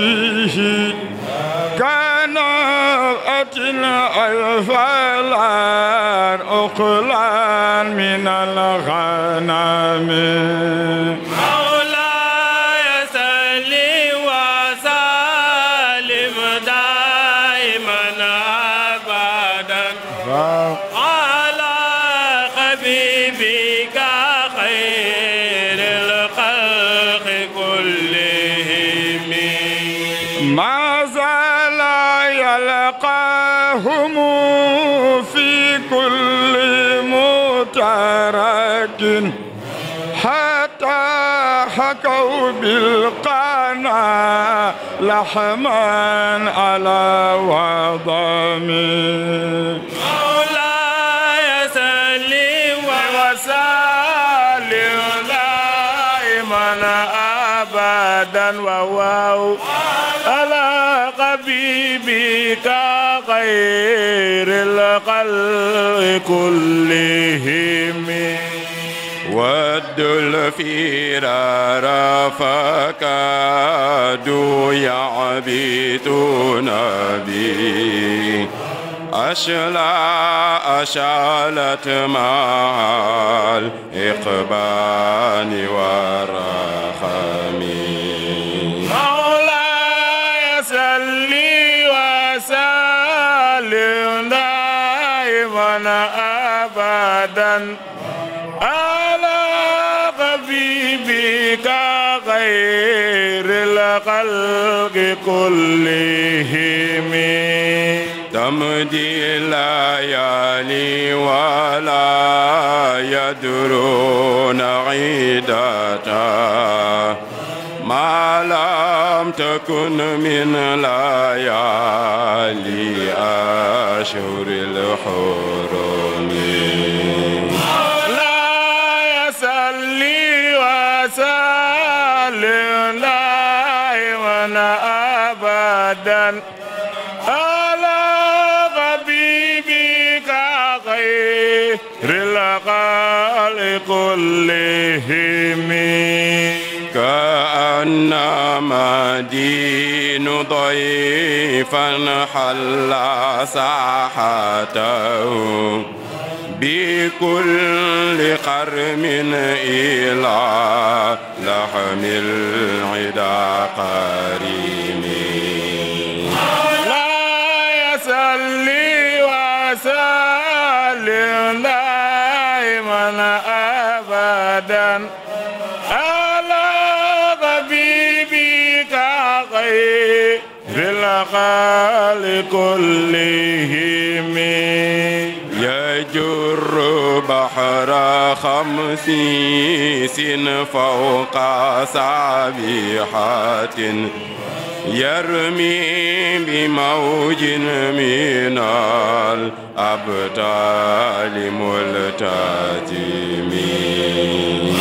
نعمته كان أتل ألفالا أقلا من الغنم هم في كل مترك حتى حكوا بالقنا لحما على وضم مولاي سلم وسلم دائما ابدا وواو على حبيبك خير الخلق كلهم والدل في فكادوا يعبدون بي أشلا أشالت مع الإقبال والرحمين أبدا على حبيبك غير الخلق كلهم تمضي الليالي ولا يدرون عيدتا ما لم تكن من ليالي أشهر الحب كلهم كأنما دين ضيفا حل ساحته بكل قرم إلى لحم العدا قريب أبدا على حبيبك غير الغال كلهم يجر بحر خمس فوق سابحات يرمي بموج من الأبطال ملتزمين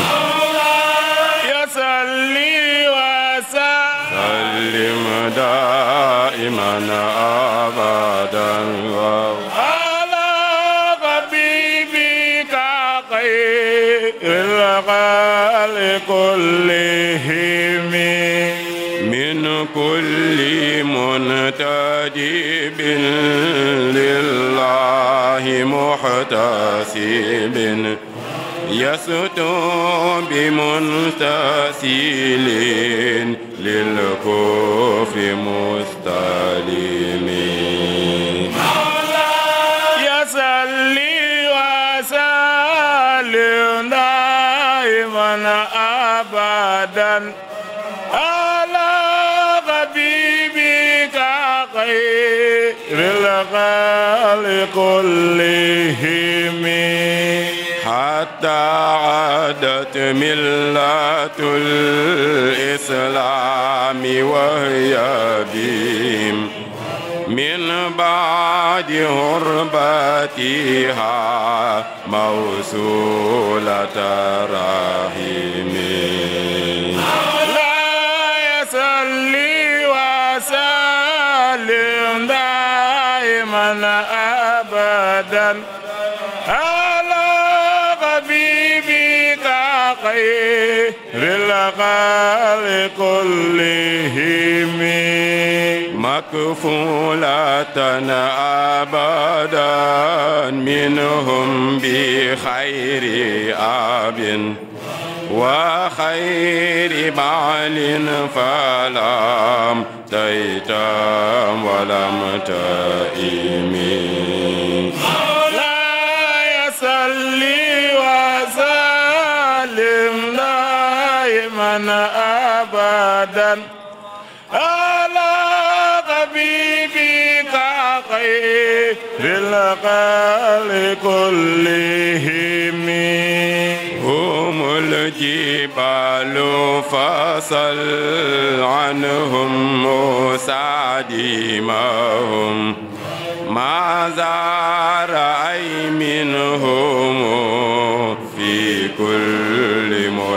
يصلي وسلم دائما أبدا مستجيب لله محتسب يستو بمنتسل للكوف مستلم يصلي وسلم دائما ابدا خالق لهم حتى عادت ملة الإسلام وهي بهم من بعد هربتها موصولة رحيم والسلام على غبيبي خير الخلق كلهم مكفولة أبدا منهم بخير أب وخير بعل فلم تيتم ولم تئم لنا أبدا على حبيبك خير القال كلهم هم الجبال فصل عنهم موسى ما زار أي منهم في كل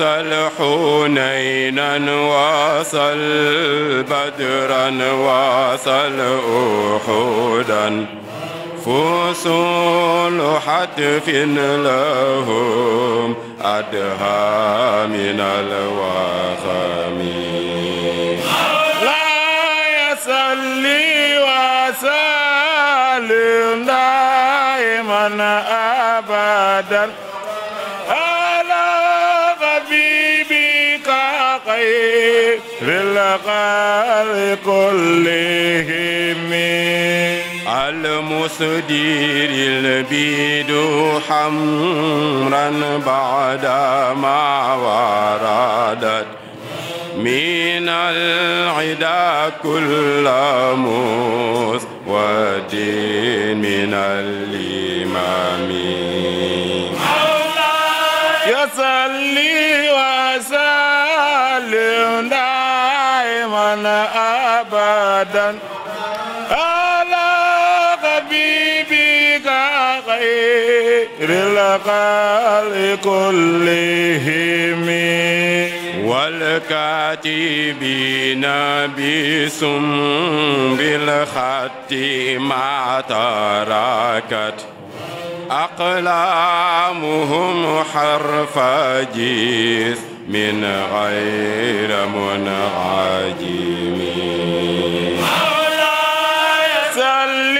وصل حنينا وصل بدرا وصل أحدا فصول حتف لهم أدهى من الوخم لا يصلي وسلم دائما أبدا بالغال كلهم المسدير البيد حمرا بعد ما وردت من العدا كل مسود من الإمام يصلي وسلم أبدا على حبيبك غير الخلق كلهم والكاتبين بسم بالخط ما تركت أقلامهم حرف جيث من غير منعجم مولاي صل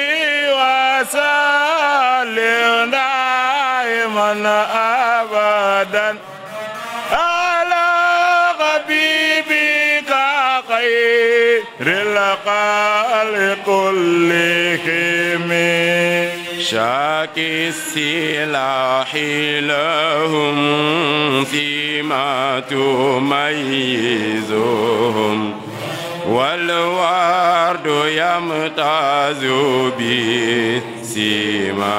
وسلم دائما ابدا على حبيبك خير الخلق كلهم شاك السلاح لهم فيما تميزهم والورد يمتاز بسيما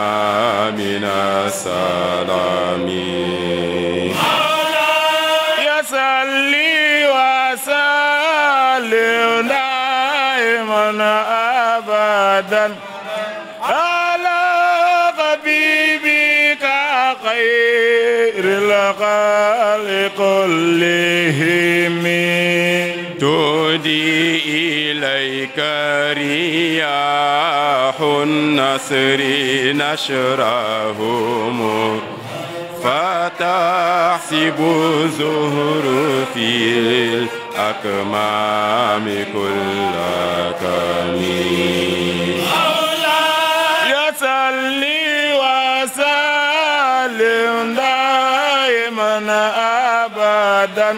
من السلام يصلي وسلم دائما أبدا خالق لهم تودي إليك رياح النسر نشرهم فتحسب زهر في الأكمام كل كمين أبدا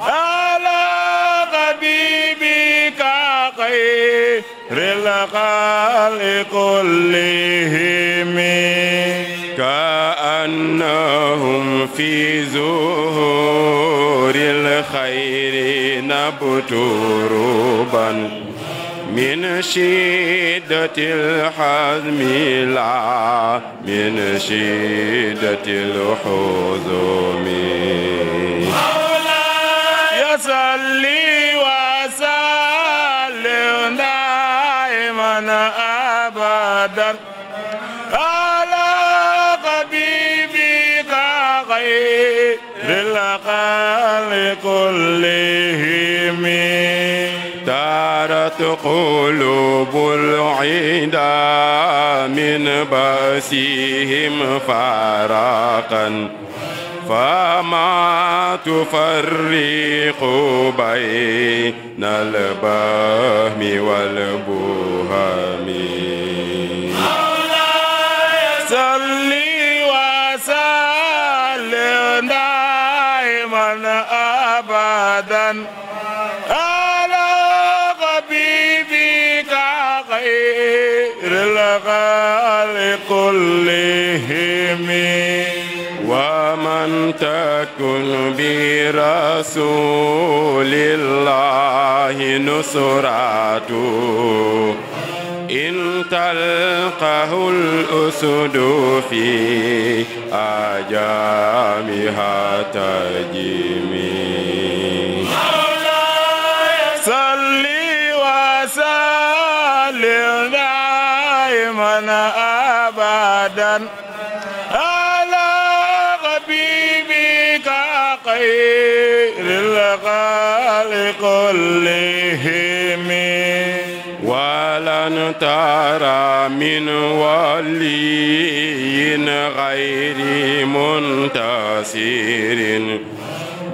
على حبيبك خير الخلق كلهم كأنهم في زهور الخير نبت روبا من شدة الحزم لا من شدة الحزم مولاي صلي وسلم دائما أبدا على حبيبك غير الخلق كلهم ذهبت قلوب العدا من بأسهم فارقا فما تفرق بين البهم والبهم صلي وسلم دائما أبدا الخلق ومن تكن برسول الله نصرته إن تلقه الأسد في أجامها تجمي لنا أبدا على حبيبك خير الخالق كلهم ولن ترى من ولي غير منتصر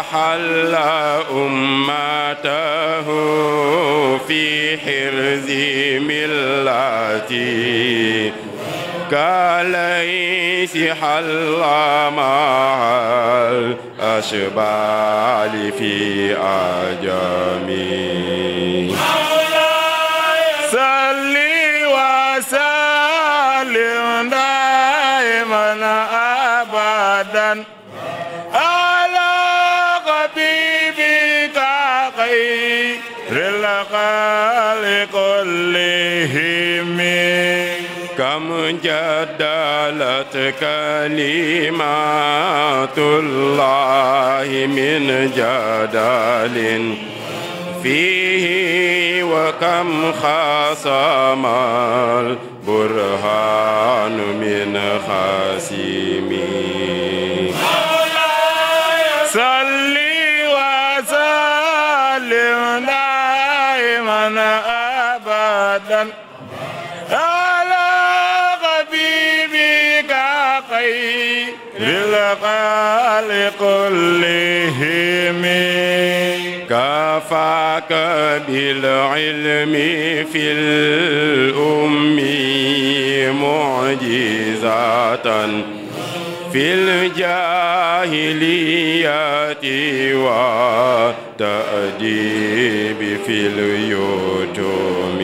أحل أمته في حرز ملتي كليس حل مع الأشبال في أجمي صلي وسلم دائما أبدا للقال كلهم كم جدلت كلمات الله من جدل فيه وكم خاصم البرهان من خاسمين الخالق لهم كفاك بالعلم في الأم معجزة في الجاهلية وتأديب في اليتم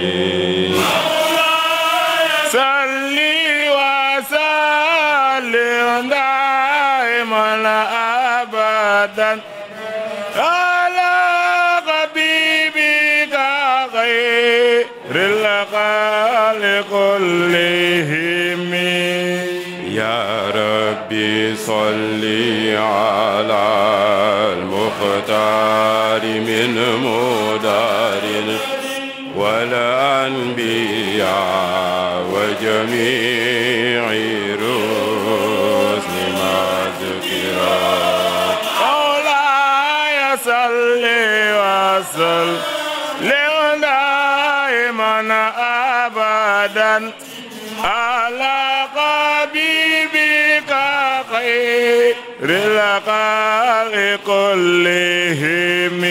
على حبيبك غير الخالق كلهم يا ربي صل على المختار من مدار والأنبياء وجميع وصل دائما أبدا على قبيبك خير الخلق كلهم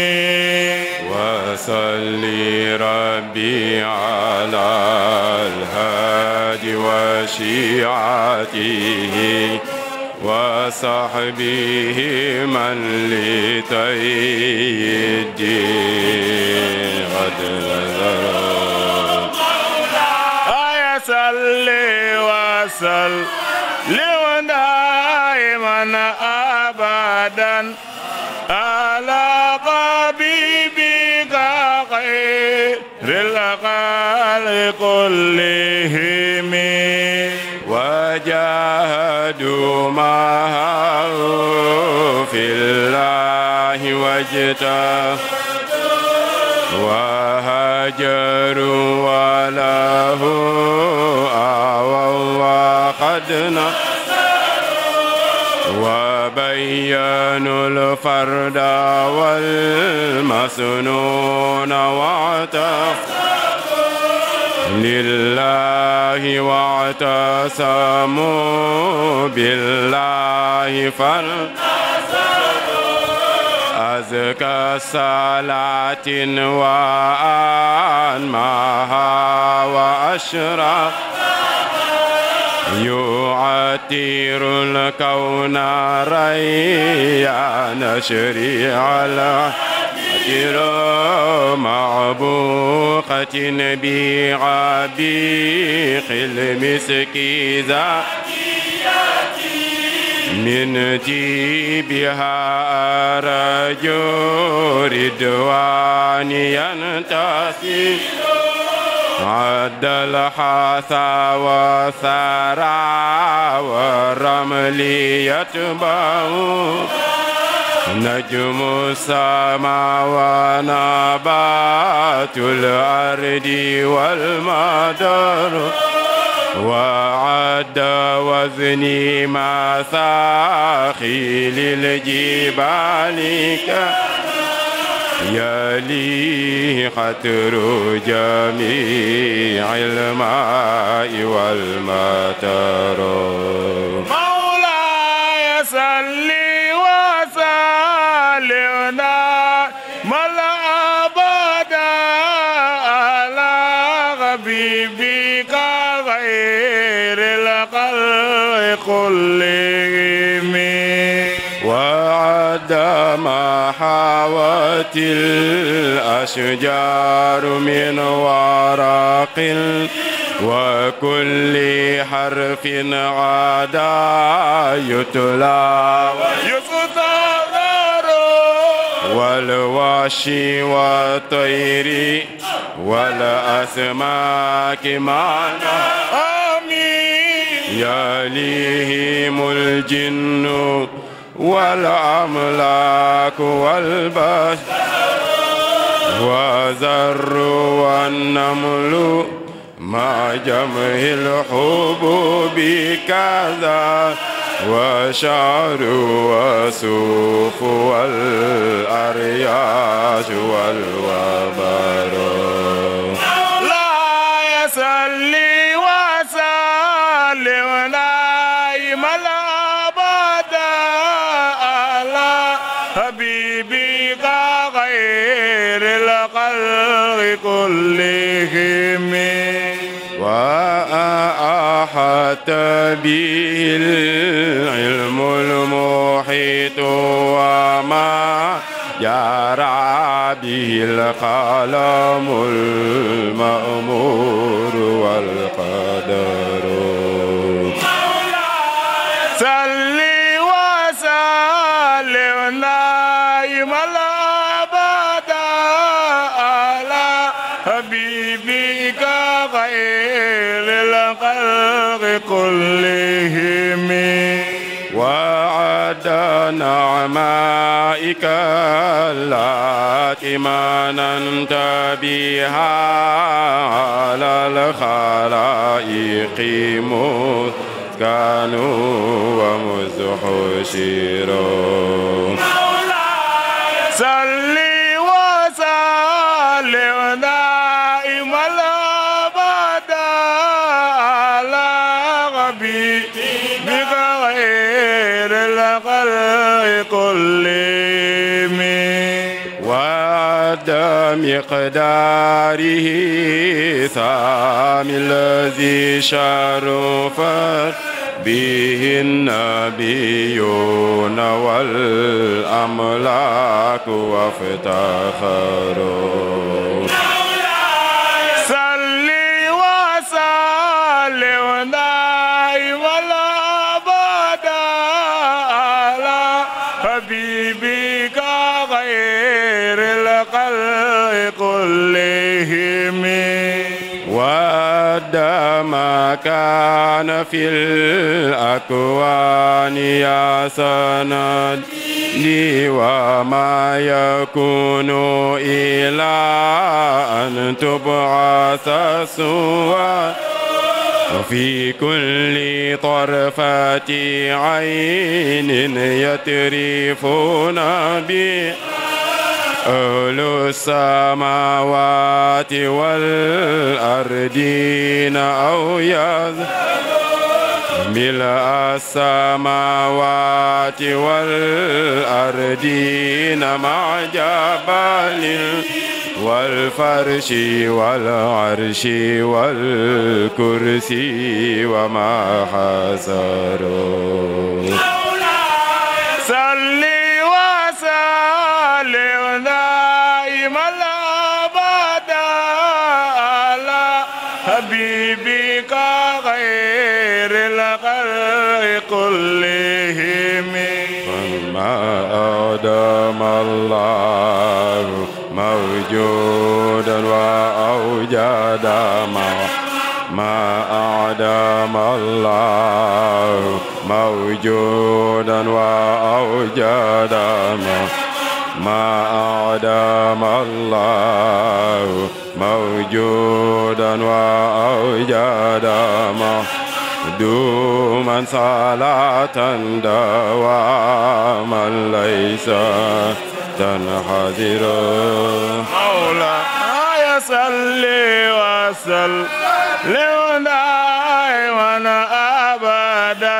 وصلي ربي على الهادي وشيعته وصحبه من لتيدي قد آه، يا سلي وسل لونائما أبدا على حبيبك خير الخلق كلهم سماه في الله وجدا وهجروا وله آووا وقدنا وبينوا الفرد والمسنون وعتفوا لله واعتصموا بالله فانتصروا أزكى صلاة وأنماها وأشرف يعتير الكون ريان شريع الله أجرا معبوقة بيخ المسك ذا من جيبها رجو ردوان ينتصي عد الحاثى وثرى والرمل يتبعه نجم السماء ونبات الأرض والمدر وعد وزني الجبال يا لي خطر جميع الماء والمطر كلهم وعدم حوت الأشجار من ورق وكل حرف عدا يتلى والوحش والواشي والطير والأسماك معنا آمين يليهم الجن والأملاك والبشر وذر والنمل مع جمع الحبوب كذا وشعر وسوف والأرياش والوبر بكلهم وأحاط به العلم المحيط وما جرى به القلم المأمور والقلم نعمائك التي مننت بها على الخلائق مسكن ومزح شير مولاي مقداره ثام الذي شرف به النبيون والأملاك وافتخروا بعد ما كان في الأكوان يا سندي وما يكون إلى أن تبعث سوى وفي كل طرفة عين يترفون بي أهل السماوات والأرضين أو ملء السماوات والأرضين مع جبال والفرش والعرش والكرسي وما حسره كلهم فما أدام الله موجودا وأوجد ما أعدم الله موجودا وأوجد ما أعدم الله موجودا وأوجد ما دوما صلاة دواما ليس مولا مولاي آه، صلي وسلم دائما أبدا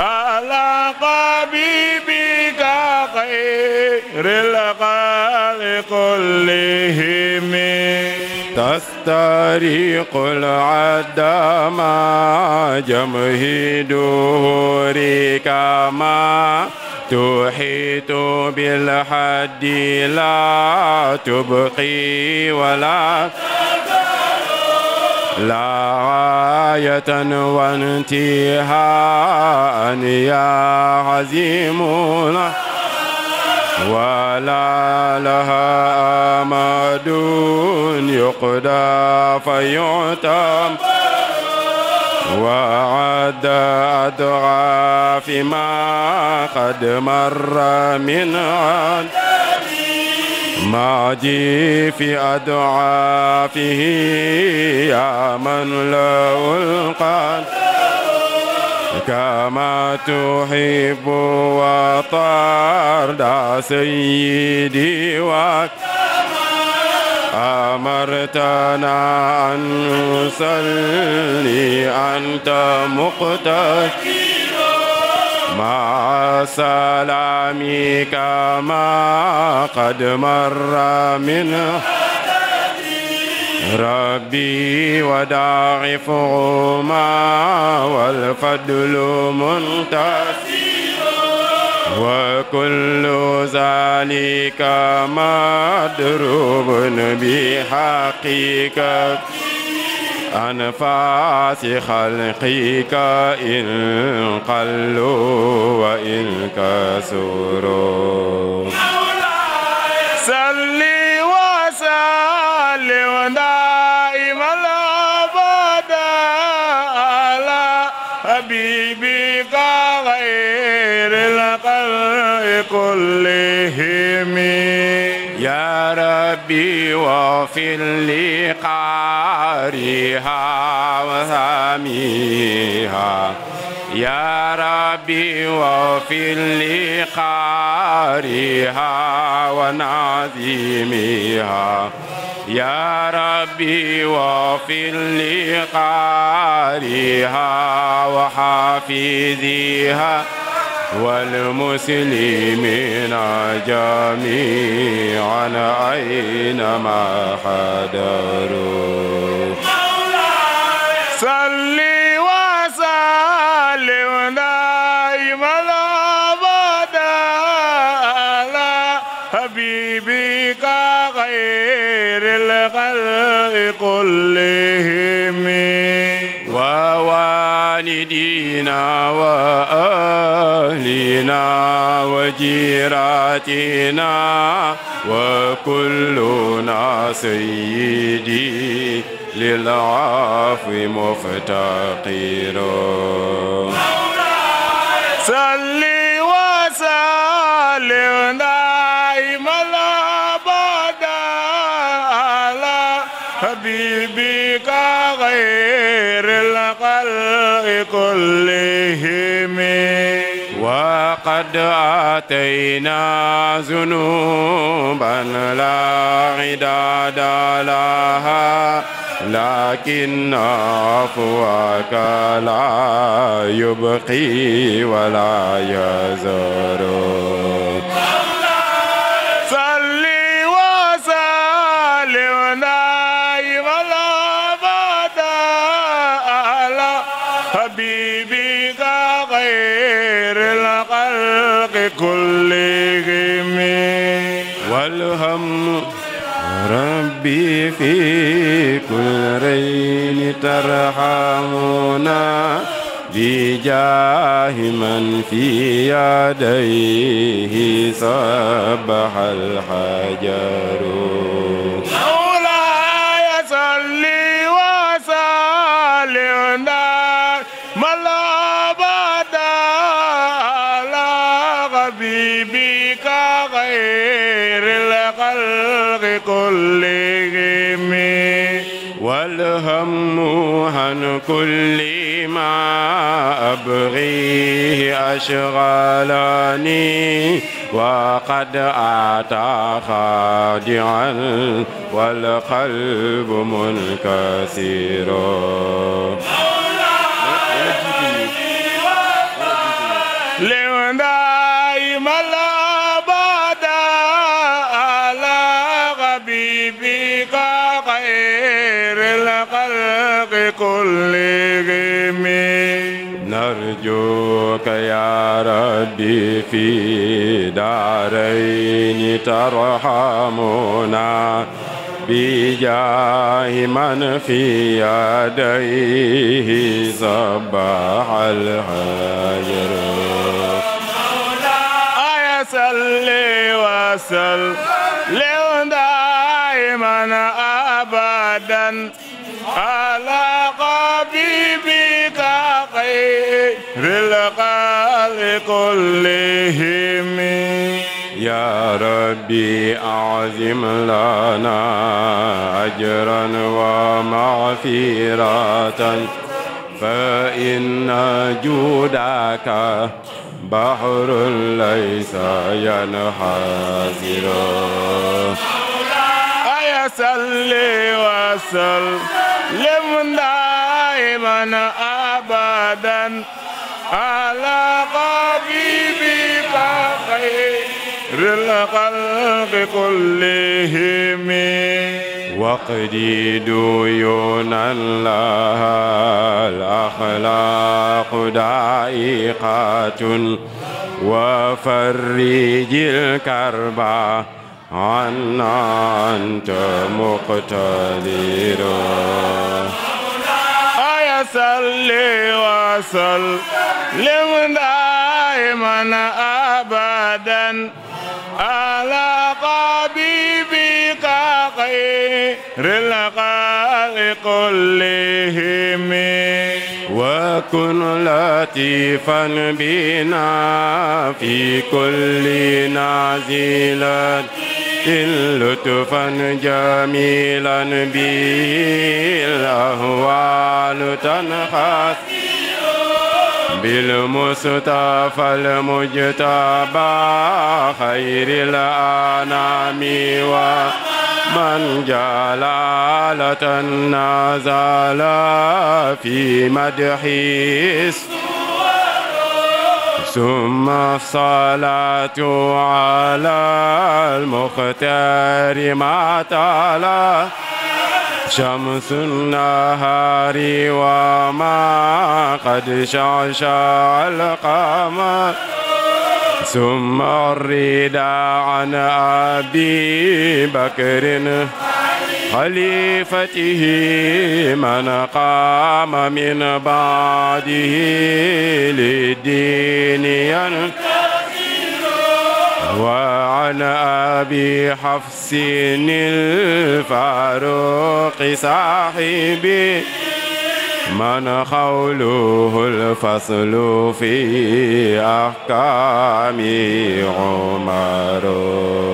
على قبيبك خير الخلق كلهم تستريق العدم جمهد جمه ما تحيط بالحد لا تبقي ولا لا غاية وانتهاء يا عزيم ولا لها آمد يقدى فيعتم وعد أضعاف ما قد مر من عد معدي في أضعافه يا من له القدر كما تحب وطرد سيدي أمرتنا أن نصلي أنت مقتدي مع سلامك ما قد مر منه ربي وداعفهما والفضل منتصر وكل ذلك مدروب بحقيقة أنفاس خلقك إن قلوا وإن كسروا كلهم يا ربي وفي لقارها قارها وهميها يا ربي وفي لقارها قارها يا ربي وفي لقارها قارها وحافظيها والمسلمين جميعا أينما حضروا صلي وسلم دائما أبدا على حبيبك الخلق كلهم ووالدينا وأبدا وجيراتنا وجيراتنا وكلنا سيدي للعفو مفتقر صل وسلم دائما ابدا على حبيبك غير الخلق كلهم قد آتينا ذنوبا لا عداد لها لكن عفوك لا يبقي ولا يزور ترحمنا بجاه من في يديه صبح الحجر مولاي صلي وسلم ملابدا على حبيبك غير الخلق كلهم الهم عن كل ما أبغيه أشغلني وقد أتى خادعا والقلب منكسر كل غيم نرجوك يا ربي في دارين ترحمنا بجاه من في يديه صباح الهجر آية سلي وسل دائما أبدا آه حبيبي كغير الخلق كلهم يا ربي أعظم لنا أجرا ومغفرة فإن جودك بحر ليس ينحازر أيا صلي وسلم كان أبدا على قبيبك خير الخلق كلهم وقدي ديون الله الأخلاق دائقة وفرج الكرب عنا أنت مقتدر وصلي وسلم دائما ابدا على طبيبك خير الخلق كلهم وكن لطيفا بنا في كل نازلات illutufan jamilan bil ahwal tanhas bil mustafa al mujtaba khairil anami wa man jalalatan nazala fi madhis ثم الصلاة على المختار ما تعالى شمس النهار وما قد شعشع القمر ثم الرداء عن أبي بكر خليفته من قام من بعده للدين ينتصر وعن أبي حفص الفاروق صاحبي من قوله الفصل في أحكام عمره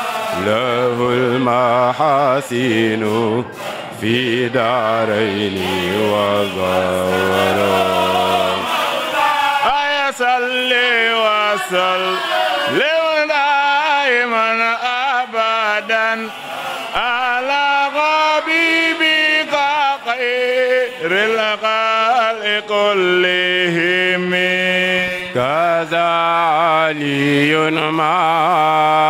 له المحاسين في دارين وغيره أي صلي وسلم دائما ابدا على غبيبك خير الخلق كلهم كذا علي ما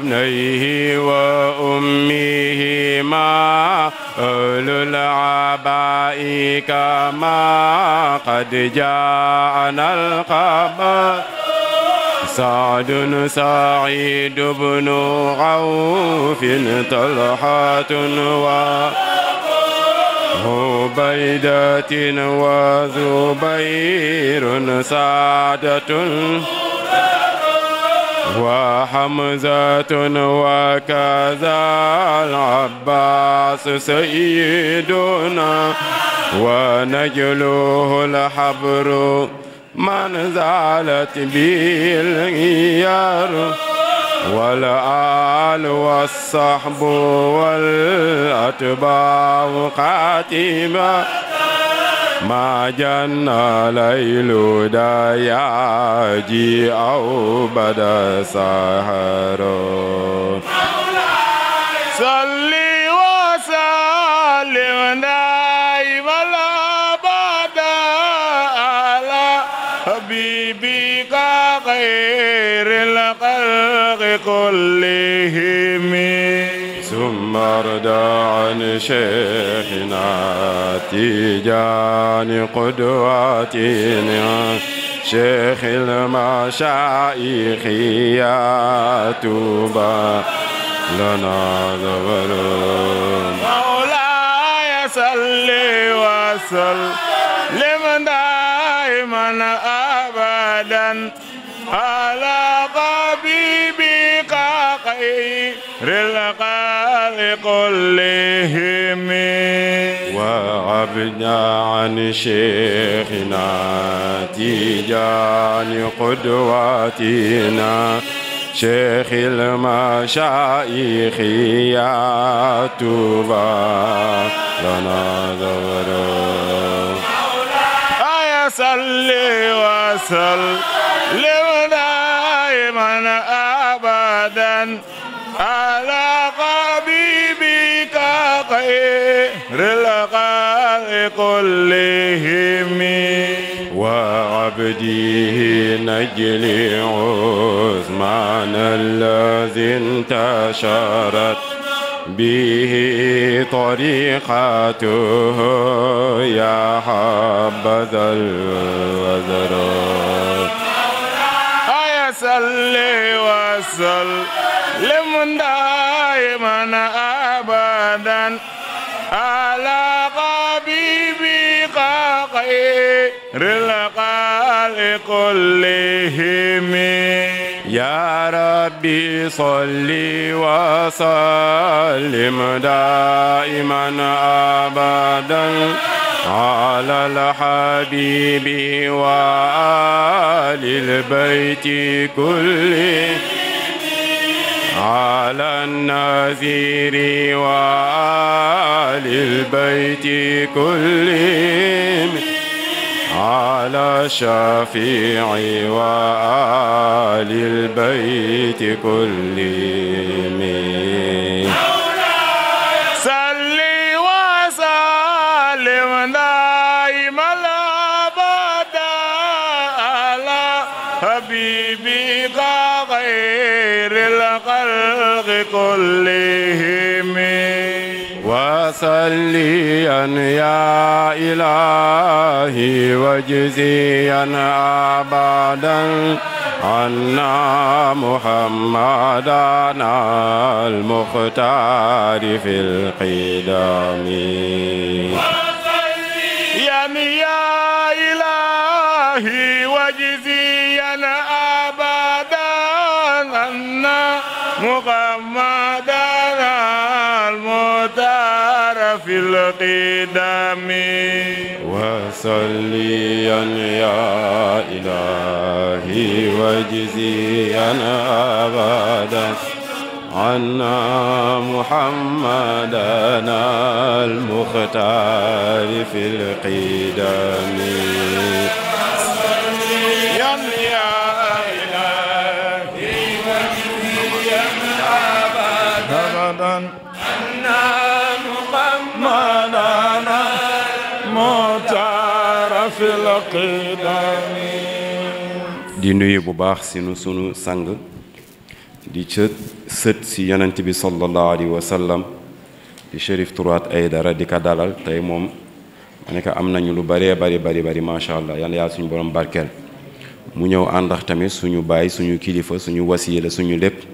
وابنيه ما أولو العباء كما قد جاءنا الخبر سعد سعيد بن عوف طلحة عبيدة وزبير سعدة وحمزة وكذا العباس سيدنا ونجله الحبر من زالت به الغيار والآل والصحب والأتباع قاتبا ما جن ليل دياجي أو بدا سهر صلي وسلم دائما أبدا على حبيبك خير الخلق كلهم وارضى عن شيخنا تيجان قدواتنا شيخ المشايخ يا توبى لنا ذبر مولاي صل وسلم دائما كلهم وعبد عن شيخنا تيجان قدواتنا شيخ المشايخ يا توبا لنا ذوره آه، يا سلي وسلم للغاء كلهم وعبده نجلي عثمان الذي انتشرت به طريقته يا حبذا الوزراء آه، يا سلي وسلم كلهم يا ربي صل وسلم دائما ابدا على الحبيب وآل البيت كله على النذير وآل البيت كلهم على شفيع وآل البيت كلهم صلي وسلم دائما غير الخلق كلهم مصليا يا إلهي وجزيا أبدا عنا محمدا المختار في القدم في القدم وصليا يا إلهي واجزينا أبدا عنا محمدنا المختار في القدم di nuyu bu baax sinu sunu sang di ca sët si yonent bi sallallahu alayhi wa sallam di Chérif Tourate Aidara di ka dalal tey moom ma ne ko lu bëree bari bari bari macha allah yàlla yàlla suñu borom barkeel mu ñëw àndax tamit suñu baay suñu kilifa suñu wasiila suñu lépp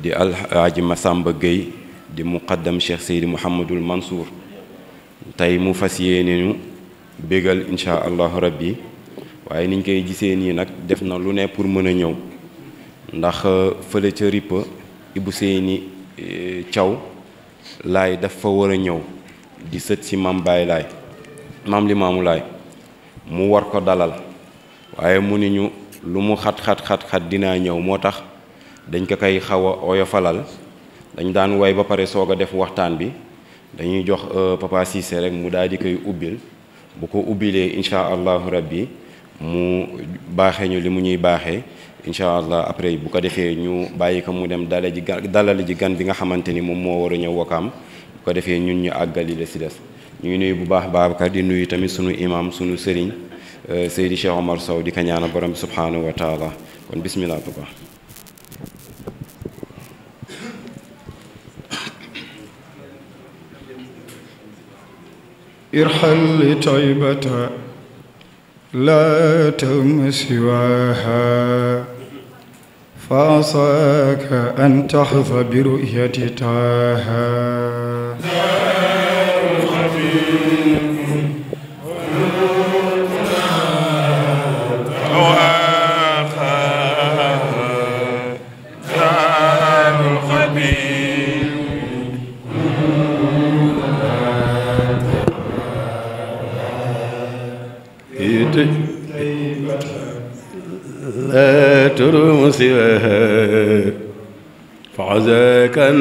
di alhaaji Masamba Gueye di muqaddam Cheikh Seydi Mouhamadul Mansour tey mu fas ñu bégal incha allahu rabbi waaye niñ koy gisee nii nag def na lu ne pour mën a ñëw ndax euh, fële ca ripa Ibou Seyni caw euh, laay dafa war a ñëw di sët si maam Baye laay maam li maamu laay mu war ko dalal waaye mu ni ñu lu mu xat xat xat dinaa ñëw moo tax dañ ko koy xaw a oyofalal dañ daan woy ba pare soog a def waxtaan bi dañuy jox euh, Papa Cissé rek mu daal di koy ubbil bu ko ubbilee incha allahu rabbi mu baaxee ñu li mu ñuy baaxee incha allah après bu ko defee ñu bàyyi ko mu dem dale ji gan dalal ji gan bi nga xamante ni moom moo war a ñëw wakaam bu ko defee ñun ñu àggali la si des ñu ngi nuyu bu baax Babacar di nuyu tamit suñu imam suñu sëriñ euh, Seydi Cheikh Omar soow di ko ñaanal borom bi subhanahu wa taala kon bismillah bu baax ارحل لطيبة لا تم سواها فعصاك أن تحظى برؤية تاها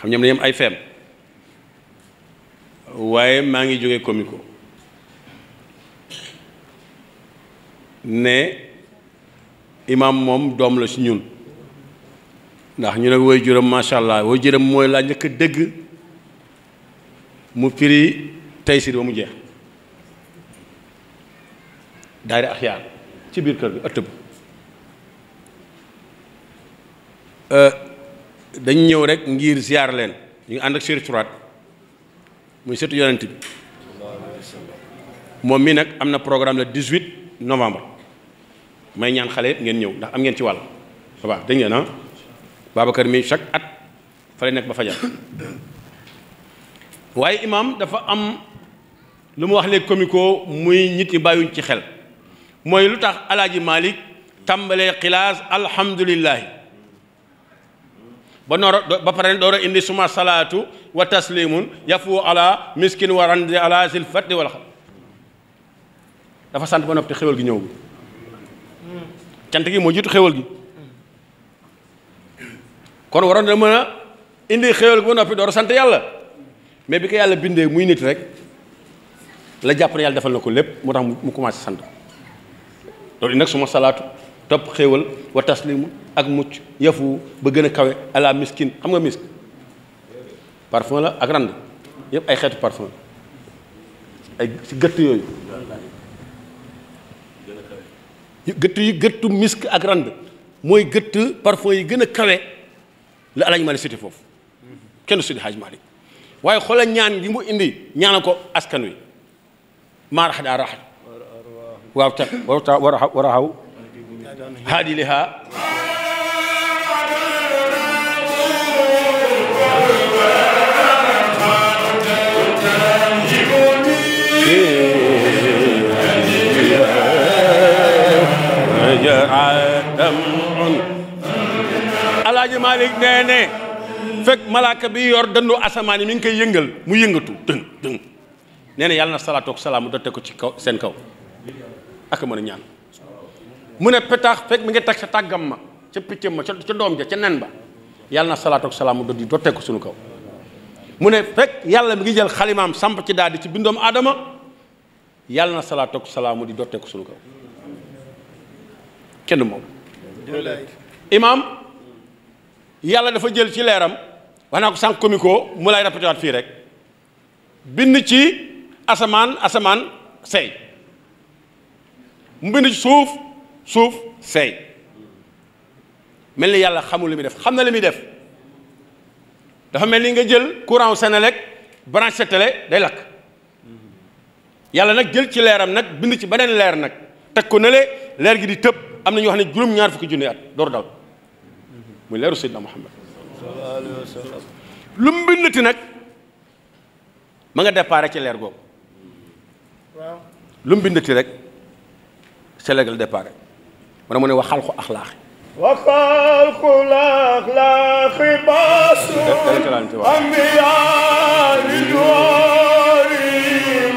xam ñoom dañoo ay feem waaye maa ngi jóge comico ne imam moom doom la si ñun ndax ñu ne woy juróom macha allah woy juróom mooy laa njëkk dëgg mu firi taysir ba mu jeex daari axyaar ci biir kër bi ëtt ba euh, dañ ñëw rek ngir ziar leen ñu ngi ànd ak Chérif Tourate muy sëtu yonent bi moom mii nag am na programme le 18 novembre may ñaan xale yëpp ngeen ñëw ndax am ngeen ci wàll waaw dégg ngeen ah mi chaque at fa lay nekk ba fajar waaye imaam dafa am lu mu wax léegi comico muy nit ñi ci xel mooy lu tax alaaji malik tàmbalee xilaas alhamdulilahi ba noor ba pare door a indi suma salaatu wa taslimun yafu ala miskin wa randi ala sil fatti wala xam dafa sant ba noppi xewal gi ñëw cant gi moo jiitu xewal gi kon waroon na mën a indi xewal gi ba noppi door a sant yàlla mais bi ko yàlla bindee muy nit rek la jàpp ne yàlla defal na ko lépp moo tax mu commencé sant loolu nag suma salaatu topp xéewal wa taslimu ak mucc yafu ba gën a kawe ala miskin xam nga misk parfum la ak rand yëpp ay xeetu parfum ay si gëtt yooyu gëtt yi gëttu misk ak rand mooy gëtt parfum yi gën a kawe la alaaj Malik cité foofu kenn sudi Haaj Malik waaye xoola ñaan li mu indi ñaana ko askan wi maa raxdaa raxat waaw هادي لها alaji malik nene fek malaka bi yor dëndu asamani mi ngi koy mu yëngatu deng Deng, nene na salatu na salaatu do te ko ci sen kaw ak mo ñaan mu ne pétaax fekk mi ngi teg sa tàggam ma ca piccam ma ca doom ja ca nen ba yàlla na salaatu ak salaamu dot yi ko suñu kaw mu ne fekk yàlla mi ngi jël xalimaam samp ci daal di ci bindoom aadama yàlla na salaatu ak salaamu di dottee ko suñu kaw kenn moom imaam yàlla dafa jël ci leeram wax naa ko sànq komikoo mu lay répété fii rek bind ci asamaan asamaan sey mu bind suuf suuf seey mel ni yàlla xamul li muy def xam na li muy def dafa mel ni nga jël courant Senelec branche télé day lakk yàlla nag jël ci leeram nag bind ci beneen leer nag teg ko nële leer gi di tëb am na ñoo xam ne juróom-ñaar fukki junni at door daw muy leeru Seydina Muhammad lu mu bindati nag ma nga départ ci leer googu lu mu bindati rek ca legal départ mu ne mu ne wa xalqu axlaax wa xalqu axlaaxi baasu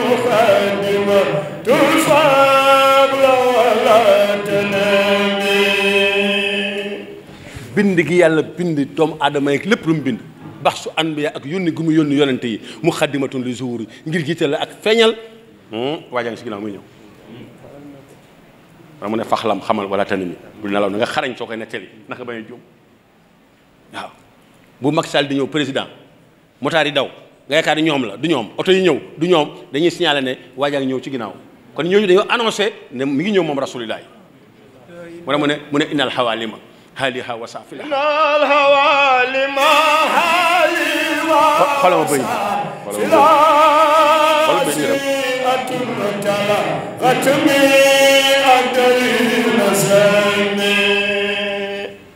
muxaddima tusaab la wala tanami bind gi yàlla bind doomu aadama yeeg lépp lu mu bind baxsu anbiya ak yónni gu mu yónni yonente yi muxaddimatun li zuhuri ngir jiital la ak feeñal hmm, waajaa ngi si ginnaaw muy ñëw da mu ne faxlam xamal wala tanami bul nelaw na nga xarañ soo koy nettali naka bañ a jóom waaw bu Macky Sall di ñëw président motaar yi daw nga yaakaar ni ñoom la du ñoom oto yi ñëw du ñoom dañuy signalé ne waajaa ñëw ci ginnaaw kon ñooñu dañoo annoncé ne mi ngi ñëw moom rasulillah mu ne mu ne mu ne inal xawaalima haaliha wa saafila inal xawaalima haaliha xoolal ma bëñ xoolal ma bëñ xoolal bëñ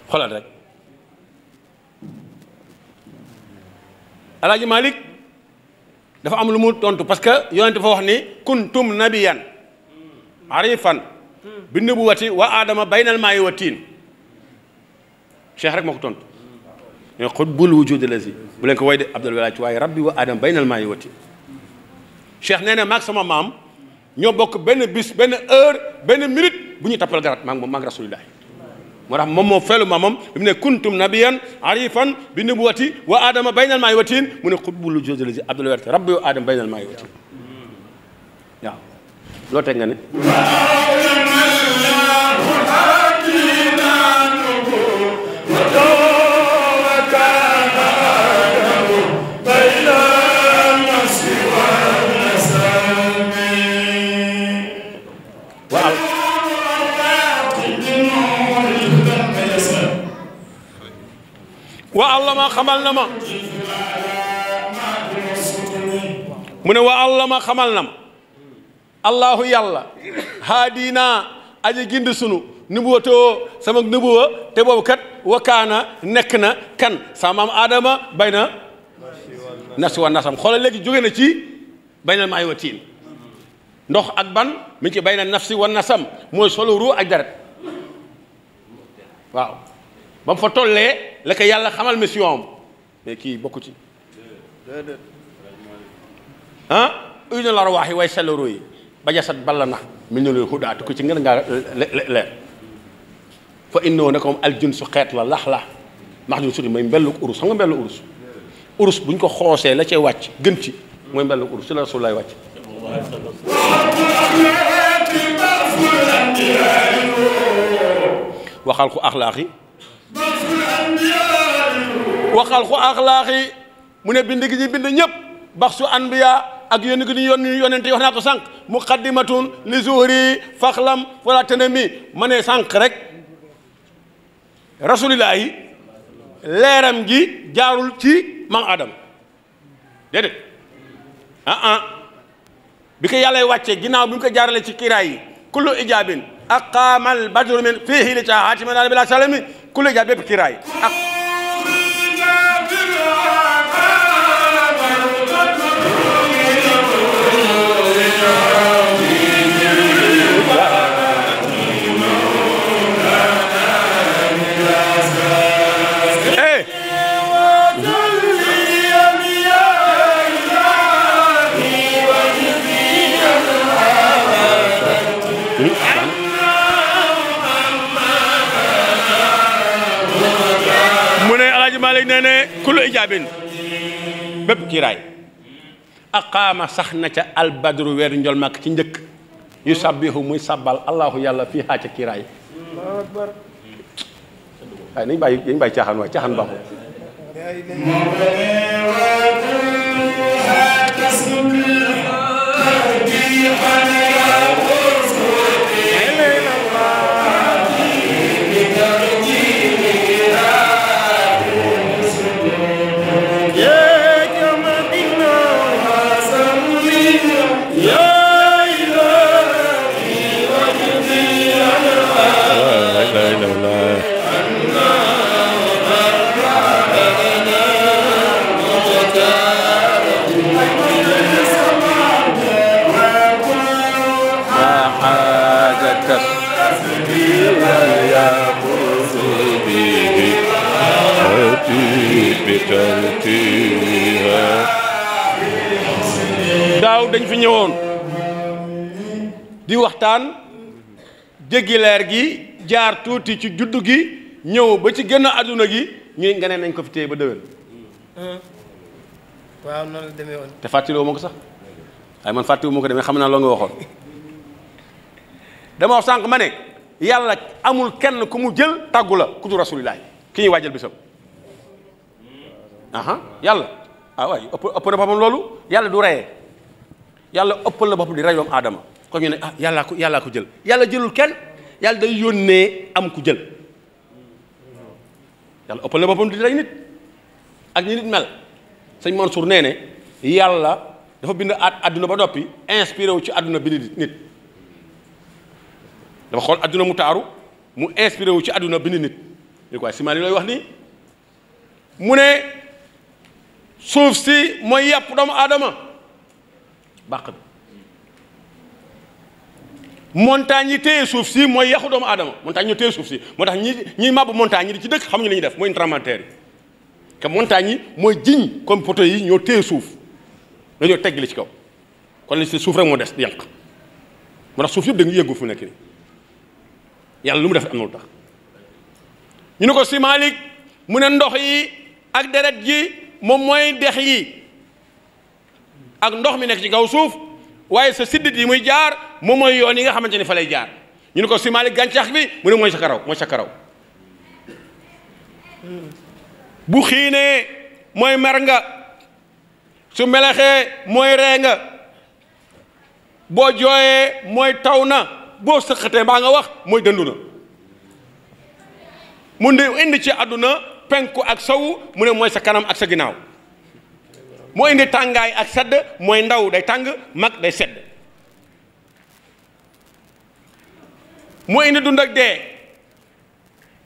xoolal rek Malik dafa am lu mu tontu parce que yonent dafa wax ni kuntum nabiyan arifan bi nubuwati wa aadama baynal maayi wa tiin cheikh rek moo ko tontu ñoo xutbul wujudi lazi bu leen ko way de abdul walaay waaye rabbi wa aadama baynal maayi wa tiin nee na maag sama maam ñoo bokk benn bis benn heure benn minute bu ñu tappal garab maa moom maa ngi moo tax moom moom feelu ma moom bi mu ne kuntum nabiyan arifan bi wa adama baynal maayi watiin mu ne xutbulu rabbi wa adama baynal maayi loo teg wa allama xamal na ma mu ne wa allama xamal na ma allahu yàlla haadina aji gind sunu nubuwatoo sama nubuwa te boobu kat wakaana nekk na kan sa maam aadama bay na nasi wa nasam xoola léegi jóge na ci bay na maay wa ndox ak ban mi ngi ci bay na nafsi wa nasam mooy solo ruu ak deret waaw bam fa tollé la ko yàlla xamal mission mais ki bokku ci han une la rawahi yi way sellaro yi ba jassat balla na mi ne loolu xudaatu ci ngën nga le fa inno nakum ko moom aljun la lax la max jun suti mooy mbellu urus nga mbellu urus urus buñ ko xossé la ci wàcc gën ci moy mbellu urus ci la rasul wàcc waxal ko axlaaq waxal xu axlaax yi mu ne bind gi ñu bind ñëpp bax su anbiya ak yónni gi ñu yónni yónnente wax naa ko sànq muqaddimatun li zuhri faxlam wala tanami ma ne sànq rek rasulillah yi leeram gi jaarul ci maam Adam déedéet ah ah bi ko yàlla wàccee ginnaaw bi mu ko jaarale ci kiraay yi kullu ijaabin aqaamal badru min fiihi li caaxaati ma daal bi laa salami kullu ijaab bépp kiraay ak Malik nee ne kullu ijaabin bépp kiiraay aqaama sax na ca albadru weer njol màkk ci njëkk yu sabbihu muy sabbal allahu yàlla fii haa ca kiiraay waaye nañ bàyyi nañ bàyyi caaxaan waaye caaxaan baaxul moom ñew dañ fi ñewoon di waxtaan jéggi leer gi jaar tuuti ci juddu gi ñew ba ci génn aduna gi ñuy nga ne nañ ko fi téye ba déwén. waaw non la demee woon. te fàttaloo ma ko sax waaye man fàttaloo ma ko demee xam naa loo nga waxoon dama wax sànq ma ne yàlla amul kenn ku mu jël tàggu la ku du rasulilaay ki ñuy waajal bisam aha yàlla ah waay ëpp ëpp na boppam loolu yàlla du reyee yàlla ëppal la boppam di rey doomu aadama ko ñu ne ah yàllaa ko yàllaa ko jël yàlla jëlul kenn yàlla day yónnee am ku jël yàlla ëppal la boppam di rey nit ak ñi nit mel sëñ Mansour nee ne yàlla dafa bind at àdduna ba noppi inspiré wu ci àdduna bi nit dafa xool àdduna mu taaru mu inspiré wu ci àdduna bi nit li quoi simaani looy wax nii mu ne suuf si mooy yàpp doomu aadama bàq bi montagne yi téye suuf si mooy yaxu doomu aadama montagne ñu téye suuf si moo tax ñi ñiy màbb montagne yi di ci dëkk xamuñu li ñuy def mooy intramantaire yi te montagne yi mooy jiñ comme yi ñoo téye suuf dañoo tegg ci kaw kon si suuf rek moo des di yànq tax suuf yëpp da nga yëngu fu nekk nii yàlla lu mu def am na lu tax ñu ne ko si mu ne ndox yi ak deret ji moom mooy dex yi ak ndox mi nek ci gaw suuf waye sa siddit yi muy jaar mo moy yoon yi nga xamanteni fa lay jaar ñu ne ko simaali gantax bi mu ne moy sa karaw mooy sa karaw bu xine moy mer nga su melaxé moy ré nga bo joyé moy tawna bo boo ba nga wax moy dëndu mu ndi indi ci aduna penku ak sawu mu ne moy sa kanam ak sa ginaaw moo indi tàngaay ak sedd mooy ndaw day tàng mag day sedd moo indi dund ak dee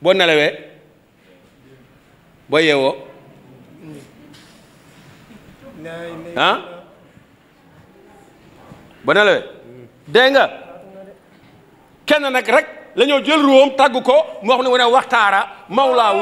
boo nelawee boo yeewoo ah boo nelawee dee nga kenn nag rek la ñoo jël ruum tàgg ko mu wax ne mu ne waxtaara mawlaawu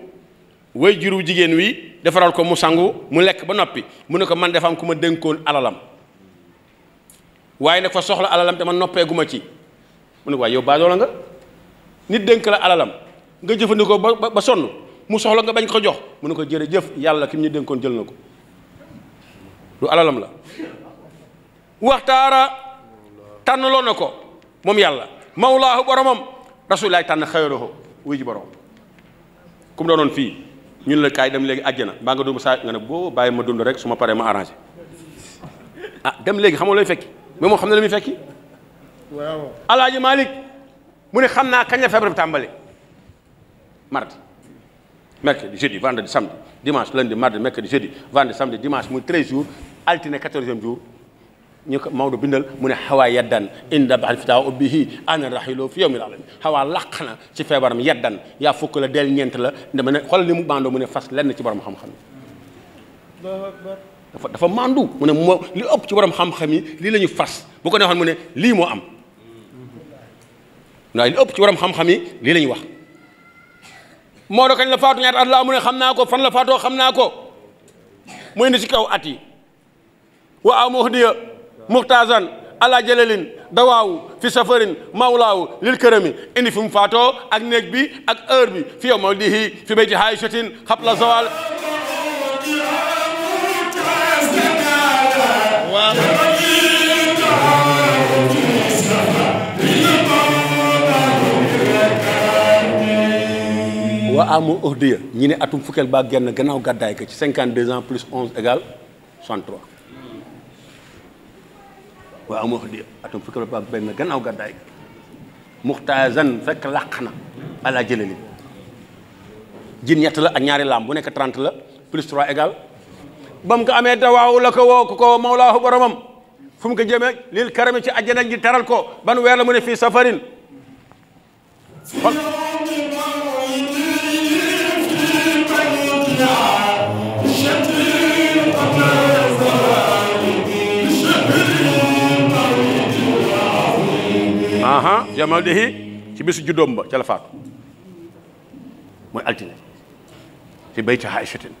way juru jigéen wi defaral ko mu sangu mu lekk ba noppi mu ne ko man dafa ku ma dénkoon alalam waaye nag fa soxla alalam te man noppeegu ci mu ne ko waaye yow baadoola nga nit dënk la alalam nga jëfandikoo ba ba sonn mu soxla nga bañ ko jox mu ne ko jëf yàlla ki mu ñu dénkoon jël na ko lu alalam la waxtaara tànnloo na ko moom yàlla mawlaahu boromam rasulilaay tànn xayruhu wuy ji borom ku mu doonoon fii ñun la kaay dem léegi àjjana mbaa nga dund saa nga ne boo bàyyi ma dund rek su ma paree ma arrangé ah dem léegi xamoo lay fekki mais moo xam ne la muy fekki. waaw Alaaji mu ne xam naa kañ la feebar bi tàmbali mardi mercredi jeudi vendredi samedi dimanche lundi mardi mercredi jeudi vendredi samedi dimanche muy 13 jours altine 14e jour. موضوع ماودو بيندل مون هوا يدان ان دبع الفتاو به انا رحيلو في يوم العالم هوا لاخنا سي فيبرم يدان يا فوك لا ديل نينت لا دما خول لي مو باندو مون فاس لن سي بروم خام خام الله اكبر دا فا ماندو مون لي اوب سي بروم خام خامي لي لا ني فاس بوكو نيوخان مون لي مو ام نا لي اوب سي بروم خام خامي لي لا ني واخ مودو كاني لا فاتو نيات الله مون خمناكو فان لا فاتو خمناكو موي اتي وا مختازن ala جلالين دواو في سفرين مولاو للكرمي اني في مفاتو اك نيك بي اك اور بي في bi fi yow ma dihi fi bayti hayshatin wa ordiya ñi ne atum fukel ba genn gannaaw gaday ka ci 52 ans plus 11 égale 63 waaw moo xam ne atum fukki ba benn gannaaw gàddaay muxtaazan fekk làq na ala jëlali jin ñett la ak ñaari laam bu nekk 30 la plus 3 égal ba mu ko amee dawaaw la ko woo ko mawlaahu boromam fu mu ko jëmee lil karami ci àjjana ji teral ko ban weer la mu ne fii safarin kon aha jamal dehi ci bisu juddoom ba ca la faatu mooy altine ci bay ca Aïchatin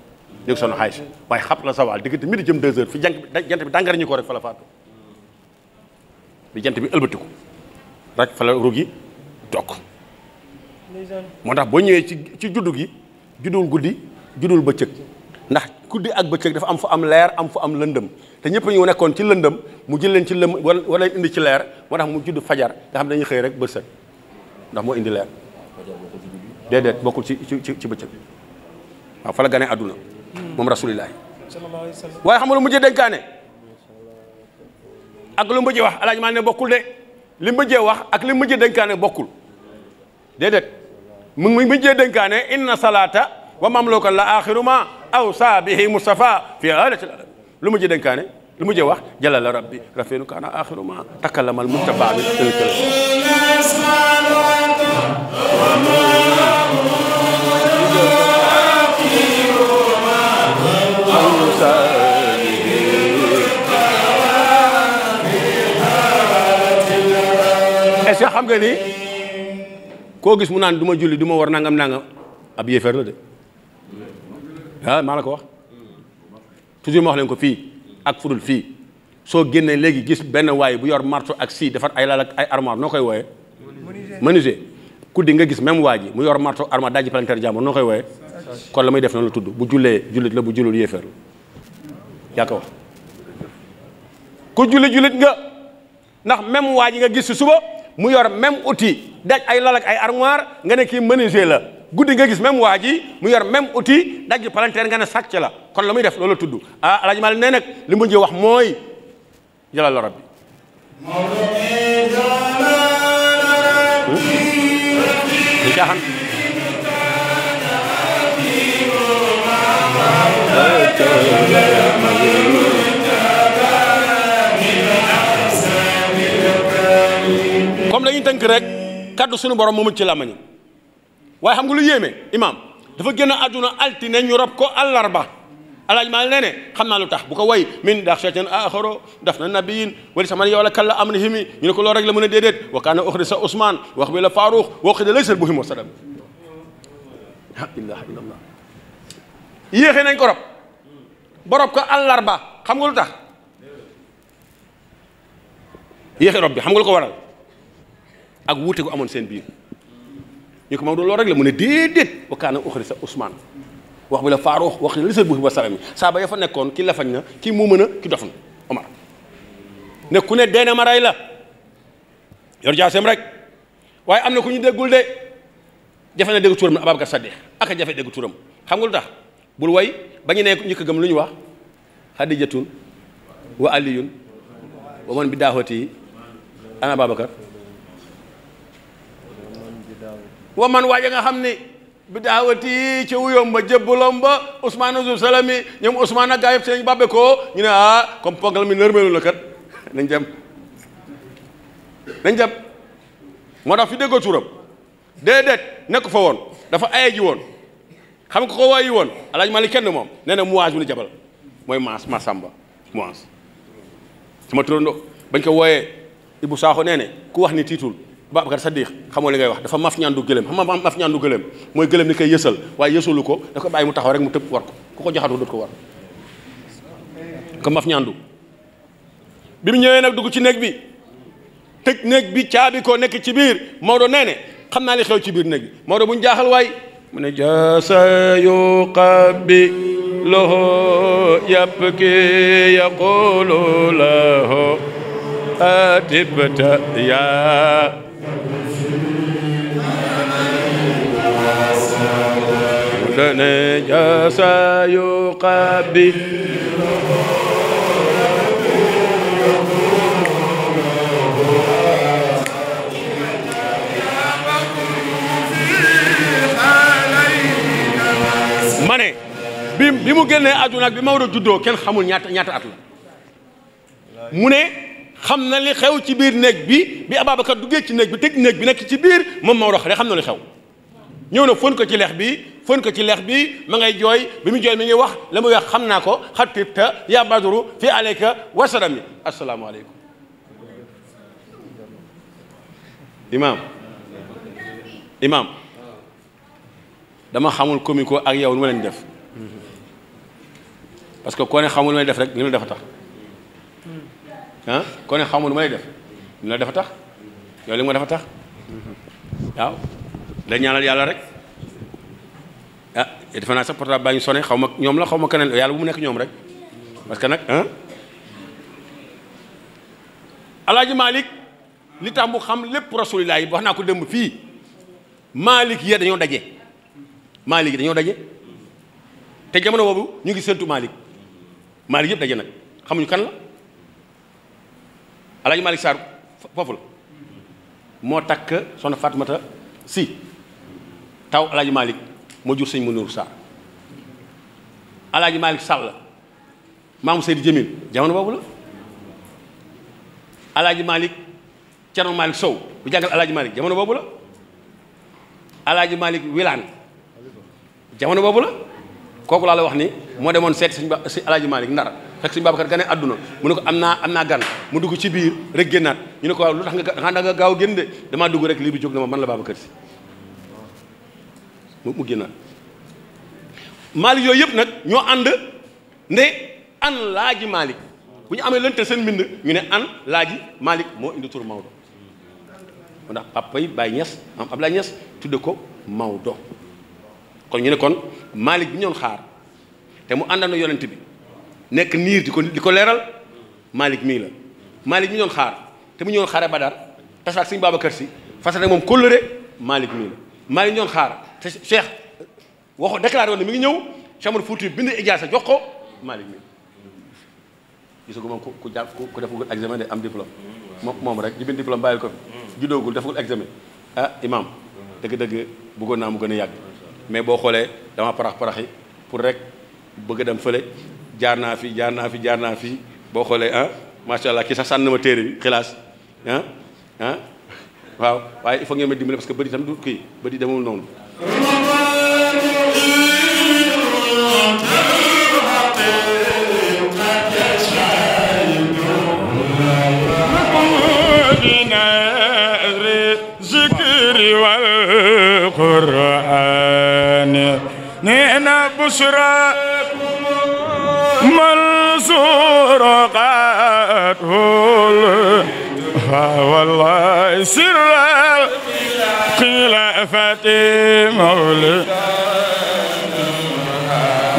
ñu ngi sonn Aïcha waaye xab la sawaal diggante midi jëm deux heures fi jant bi dàngara ñu ko rek fa la faatu bi jant bi ëlbatiku rek fa la rug yi moo tax boo ñëwee ci ci juddu gi juddul guddi ba cëg ndax guddi ak bëccëg dafa am fu am leer am fu am lëndëm te ñëpp ñu nekkoon ci lëndëm mu jël leen ci lëm wala indi ci leer moo tax mu judd fajar nga xam dañuy xëy rek bësëg ndax moo indi leer déedéet bokkul ci ci ci bëccëg waaw fa la gane aduna moom rasulillahi waaye xam nga lu mujjee dénkaane ak lu mujjee wax alaaj maa ne bokkul de li mujjee wax ak li mujjee dénkaane bokkul déedéet mu dénkaane inna salata wa mamlukan la akhiruma awsa bihi mustafa fi alati al lu mujj denkaane lu mujj wax jalal rabbi rafiinu kana akhiru ma takallama al mustafa bi tilkal est-ce que xam nga eh, ni koo gis mu naan du ma julli du ma war nangam nangam ab yéefar de ah maa la ko wax toujours ma wax leen ko fii ak fudul fii soo génnee léegi gis benn waaye bu yor marteau ak sii defar ay lal ak ay armoire noo koy wooyee. ku di nga gis même waa ji mu yor marto armoire daaj ji palanteer jàmbur noo koy wooyee. kon la may def noonu la tudd bu jullee jullit la bu jullul yéefeer la yaa ko wax ku julli jullit nga ndax même waa ji nga gis si suba mu yor même outil daaj ay lal ak ay armoire nga ne kii menuisier la. guddi nga gis même waji mu yor même outil dagg palanteer nga ne sacc la kon lamuy def loolu tuddu ah alaaji mal ne nak limu ñu wax moy yalla la rabbi comme dañuy tënk rek kaddu suñu borom moomu ci làmmañu waaye xam nga lu yéme imam dafa gëna aduna alti ne ñu rob ko alarba alaj maa nee ne xam naa lu tax bu ko way min daax shaytan axaro daf na nabiyin wali sama yow la kala amri himi ñu ko lo rek la mëna dedet wa kana oxri sa ousmane wax bi la faaruux waqi da lay sal bu him wa sadam la ilaha illallah yéexee nañ ko rob borop ko alarba xam nga lu tax yéexi rob bi xam nga lu ko waral ak wuté ko amon seen biir ñu ko Maodo loolu rek la mu ne déedéet wa kaana uxri sa Ousmane wax bi la Faaruux wax li sa buxi ba salami saa saaba ya fa nekkoon ki lafañ na ki mu mën a ki dof na Omar ne ku ne dee na ma rey la yor jaaseem rek waaye am na ku ñu déggul de jafe na dégg turam ne Ababacar Saddiq ak jafe dégg turam xam nga lu tax bul way ba ñu ne ñu ko lu ñu wax Xadijatun wa aliyun wa man bi daaxooti ana Ababacar wa man waaja nga xam ni bi daawati ci wuyom ba jëbbalom ba Ousmane Zou Salami ñoom Ousmane ak gaa yëpp si nañ bàbbe ko ñu ne ah comme ponkal mi nërmeelu la kat nañ dem moo nekk fa woon dafa aye ji woon xam ko waayi woon alaaj mal kenn moom nee na muwaas bi ni jabal mooy maas masamba muwaas sama turando bañ ko wooyee Ibou Sakho nee ne ku wax ni tiitul Babacar Sadiq xamoo li ngay wax dafa maf ñaandu gëlëm xam nga maf ñaandu gëlëm mooy gëlëm ni koy yësal waaye yësalu ko da ko bàyyi mu taxaw rek mu tëb war ko ku ko joxatu doot ko war ko maf ñaandu bi mu ñëwee nag dugg ci néeg bi tëj néeg bi caabi ko nekk ci biir Maodo nee ne xam naa li xew ci biir néeg bi Maodo bu ñu jaaxal waay mu ne jaasa yuqabbi lahu yabki yaqulu lahu atibta yaa لنا جاسا يقبل ma ne bi bi mu génnee àdduna ak bi Maodo juddoo kenn xamul ñaata ñaata at mu ne xamna li xew ci bir nek bi bi Ababacar duggé ci nek bi tek nek bi nek ci bir mom mo wax rek xamna li xew ñëw na fon ko ci lex bi fon ko ci lex bi ma ngay joy bi mu jooy mi ngi wax la muy wax xamna naa ko xatibta ya badru fi alayka wa salam assalamu alaykum imam imam dama xamul komiko ak yow nu ma leen def parce que ko ne xamul may def rek ñu ma tax kone kon ne ma lu ma def la dafa tax yow li mo dafa tax waw da ñaanal yalla rek ah defana sa portable bañu soné xawma ñom la xawma kenen yalla bu mu nek ñom rek parce que nak ah alaaji Malik, li tambu xam lepp rasulillah yi wax ko dem fi malik yee dañu dajé malik dañu dajé te jamono bobu ñu ngi sentu malik malik dajé nak xamuñu kan la Alaaji Malick Sarr foofu la moo takk soxna Fatmata si taw Alaaji malik moo jur sëñ Mounirou Sarr Alaaji Malick Sall maamu Seydi Jamil jamono boobu la Alaaji Malick Cerno Malick Sow bu jàngal Alaaji Malick jamono boobu la Alaaji Malick Wilane jamono boobu la kooku laa la wax ni moo demoon seet sëñ ba si Alaaji malik Ndar fekk sëñ Babacar gane àdduna mu ne ko am naa am naa gan mu dugg ci biir rek génnaat ñu ne ko lu tax nga xanaa da nga gaaw génn de damaa dugg rek lii bi jóg na ma man la Babacar si mu mu génnaat Malick yooyu yëpp nag ñoo ànd ne an laaji malik bu ñu amee lënte mbind ñu ne an laaji Malick moo indi tur Maodo ndax papa yi Baye Niass am Abdoulaye Niass tudde ko Maodo kon ñu ne kon Malick bi ñoon xaar te mu àndandoo yonent bi nekk niir di ko di ko leeral Malick mii la Malick mi ñoon xaar te mu ñoon xaare Badar tasaat suñu Babacar si fasal ak moom kóllëre Malick mii la Malick ñoon xaar te Cheikh la déclaré mi ngi ñëw Chamar Fouti bind ijaasa jox ko Malick mii gisagu moom ku ku jàpp ku defagul examen de am diplôme moom moom rek ji bind diplôme bàyyil ko fi juddoogul defagul examen ah imam dëgg-dëgg bëggoon naa mu gën a yàgg mais boo xoolee dama parax paraxi pour rek bëgg a dem fële jarna fi jarna fi jarna fi bo xolé ah macha allah kii sax sànn ma téere bi khilas hein ah, hein ah. waaw waaye il faut ngeen ma dimbale parce que beuri tam du ki beuri demul non والقرآن نينا بشرى منصور قاتل والله سر قيل مولي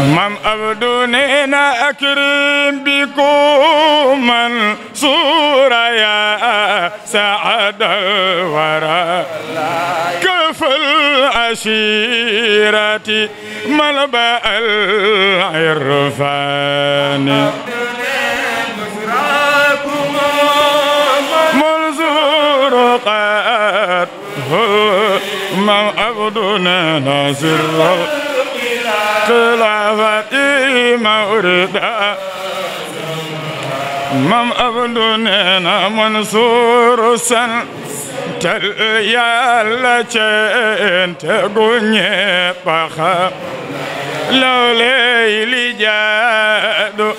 من أبدونينا أكرم بكم منصورا يا سعد الورى كف العشيرة ملبى العرفان منصور قد هو مام أبدونينا سرا خلافتي موردا مم أبدونينا منصور سن تليا لشين تغني بخا لو ليلي جادو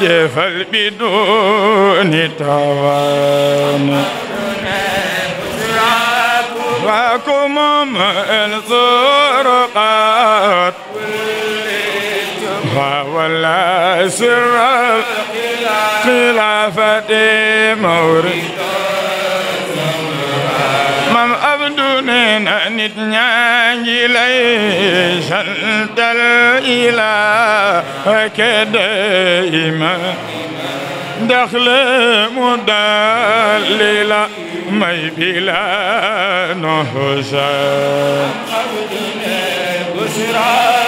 دفل بدون توان فكم منصور قد ولا سر خلافة مورد مم أبدو نينا نتنيانجي لي شلت الإله كدائما دخل مدلل مي بلا نهزا أبدو بسرعة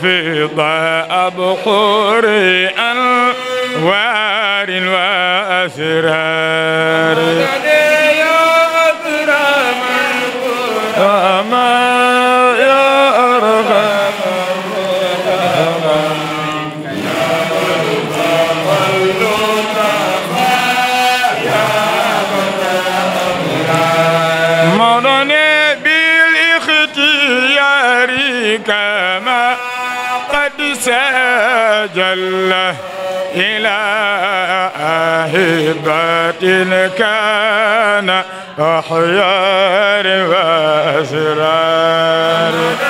في ضاء بقوري الله إلى هبة كان أحيار وأسرار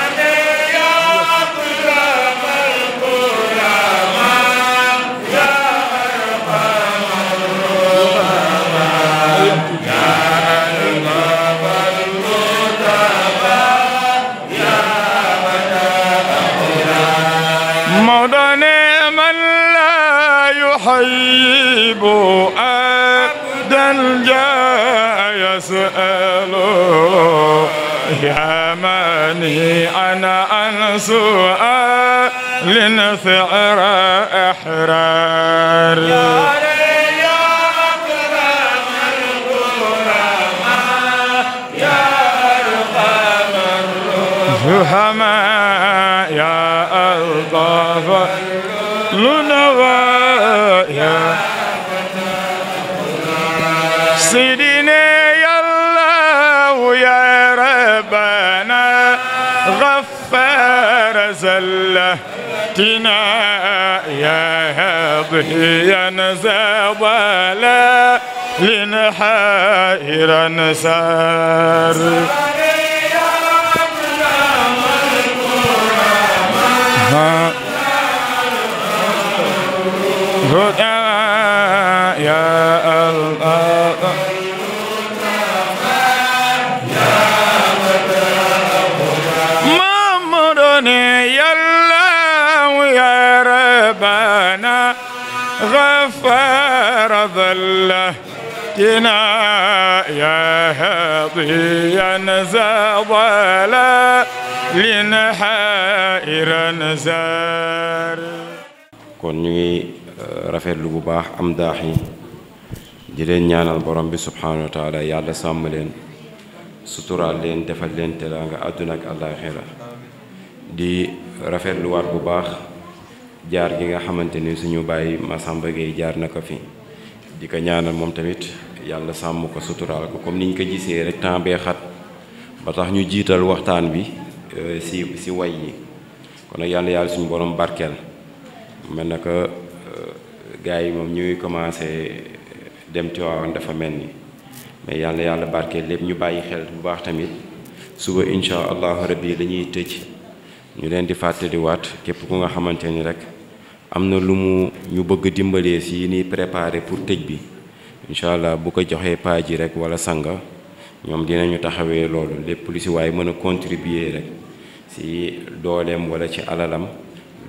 يجيب أبدا جاء يسأل يا ماني أنا أنسو لنثأر أحرار يا فهما يا ألطف بيتنا يا ضحيا زبلا لنحائرا سار الله جنايه ضيا زضلا لنحائر نزار كوني رافيل لو بوخ ام داخي جيرين نانال بروم بي سبحانه وتعالى يالا ساملين ستورال لين ديفال لين تيلاغا ادوناك الاخره دي رافيل لوار بوخ جار جيغا خامتيني سونو باي ما سامبغي جار نكو في di ko ñaanal moom tamit yàlla sàmm ko suturaal ko comme niñ ko gisee rek temps bee xat ba tax ñu jiital waxtaan bi euh, si si way yi kon nag yàlla yàlla suñu borom barkeel mel na que euh, gars yi moom ñuy commencé dem ci waawan dafa mel ni mais yàlla yàlla barkeel lépp ñu bàyyi xel bu baax tamit suba incha allahu rabbi dañuy tëj ñu leen di fàttaliwaat képp ku nga xamante ni rek am na lu mu ñu bëgg dimbalee si ni préparé pour tëj bi incha allah bu ko joxee paa ji rek wala sanga ñoom dinañu taxawee loolu lépp lu si waay mën a contribuer rek si dooleem wala ci alalam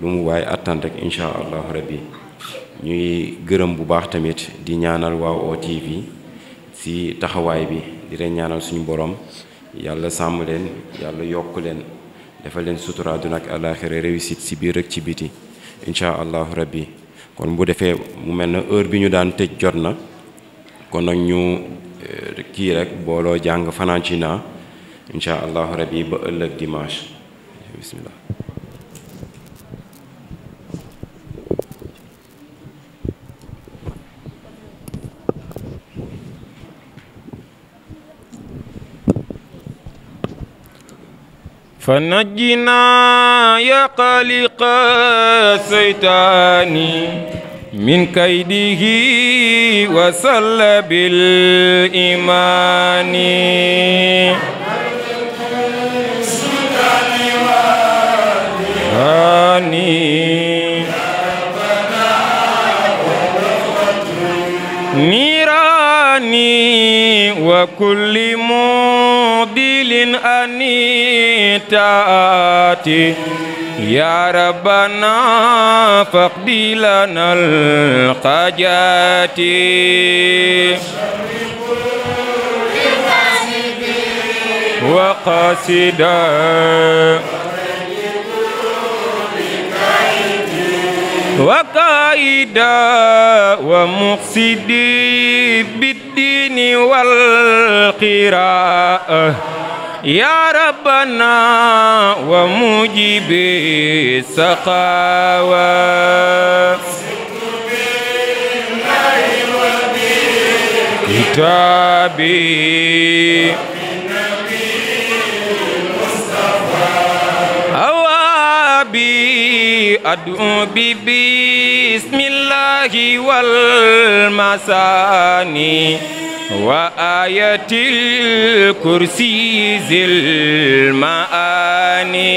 lu mu waay attan rek incha allahu rabbi ñuy gërëm bu baax tamit di ñaanal waa OTV si taxawaay bi di leen ñaanal suñu borom yàlla sàmm leen yàlla yokk leen defal leen sutura àdduna ak àllaaxira réussite si biir ak ci biti incha allahu rabbi kon bu defee mu mel ne heure bi ñu daan tëj jot na kon nag ñu eh, kii rek booloo jàng fanaan ci naa incha allahu rabbi ba ëllëg dimanche bismillah فنجنا يا قلق الشيطان من كيده وسل بالإيمان نيراني وكل مؤمن معدل أنيتاتي يا ربنا فاقضي لنا القجاتي وقاصدا وقائدا ومفسدي الدين والقراءة يا ربنا ومجيب السخاوة كتابي أوابي أدعو ببسم الله والمساني وآية الكرسي ذي المعاني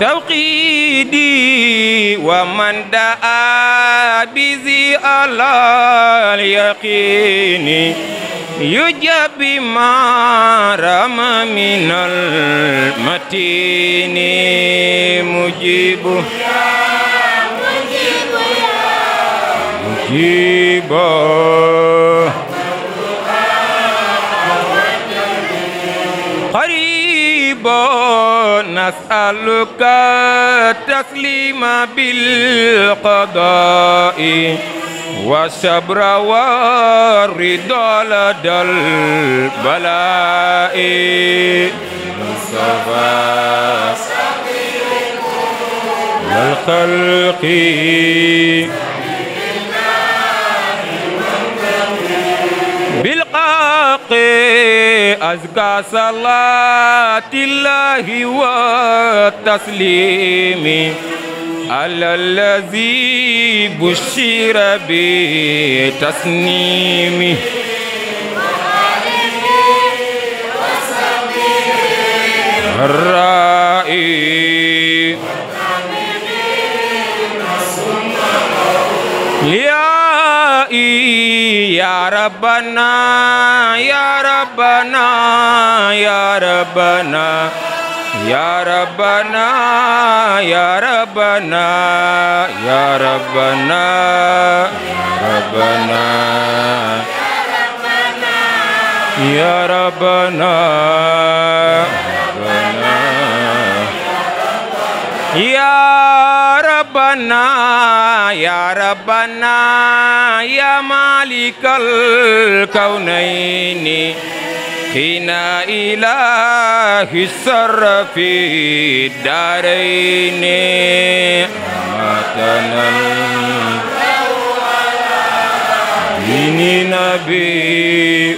توقيدي ومن دعا بذي الله اليقين يجب ما رام من المتين مجيب يا مجيب يا مجيب قريب نسألك تسليم بالقضاء والصبر والرضا لدى البلاء مصطفى والخلق بالحق أزكى صلاة الله والتسليم على الذي بشر بتسنيمه الرائي يا ربنا يا ربنا يا ربنا يا ربنا يا ربنا يا ربنا يا ربنا يا ربنا يا ربنا يا ربنا يا مالك الكونين حين إله السر في الدارين ماتنا دين نبي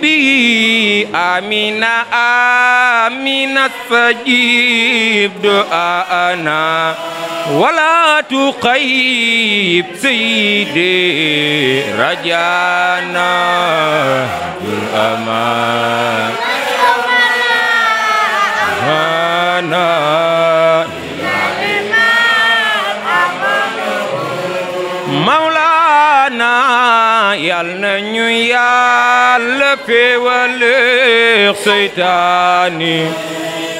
بي آمين آمين فجيب دعاءنا ولا تقيب سيدي رجانا بالأمان أنا مولانا يا نيال في ولي سيداني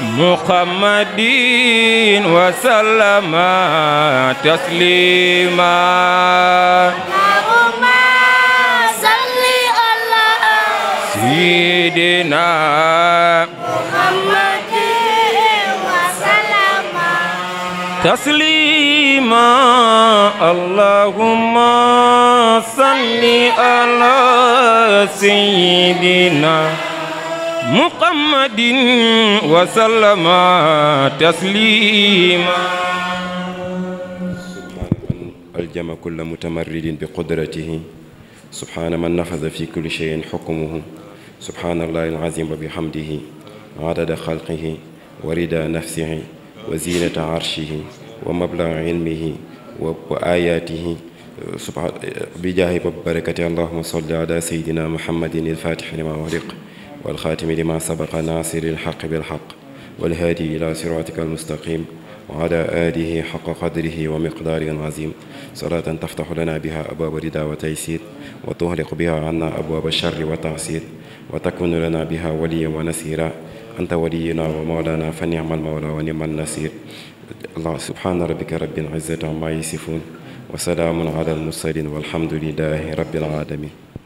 محمد وسلم تسليما اللهم صل على سيدنا محمد وسلم تسليما اللهم صل على سيدنا محمد وسلم تسليما سبحان من الجم كل متمرد بقدرته سبحان من نفذ في كل شيء حكمه سبحان الله العظيم وبحمده عدد خلقه ورد نفسه وزينة عرشه ومبلغ علمه وآياته سبحان بجاه وبركته اللهم صل على سيدنا محمد الفاتح لما ورق والخاتم لما سبق ناصر الحق بالحق والهادي إلى صراطك المستقيم وعلى آله حق قدره ومقدار عظيم صلاة تفتح لنا بها أبواب رضا وتيسير وتغلق بها عنا أبواب الشر والتعسير وتكون لنا بها وليا ونسيرا أنت ولينا ومولانا فنعم المولى ونعم النصير الله سبحان ربك رب العزة عما يصفون وسلام على المرسلين والحمد لله رب العالمين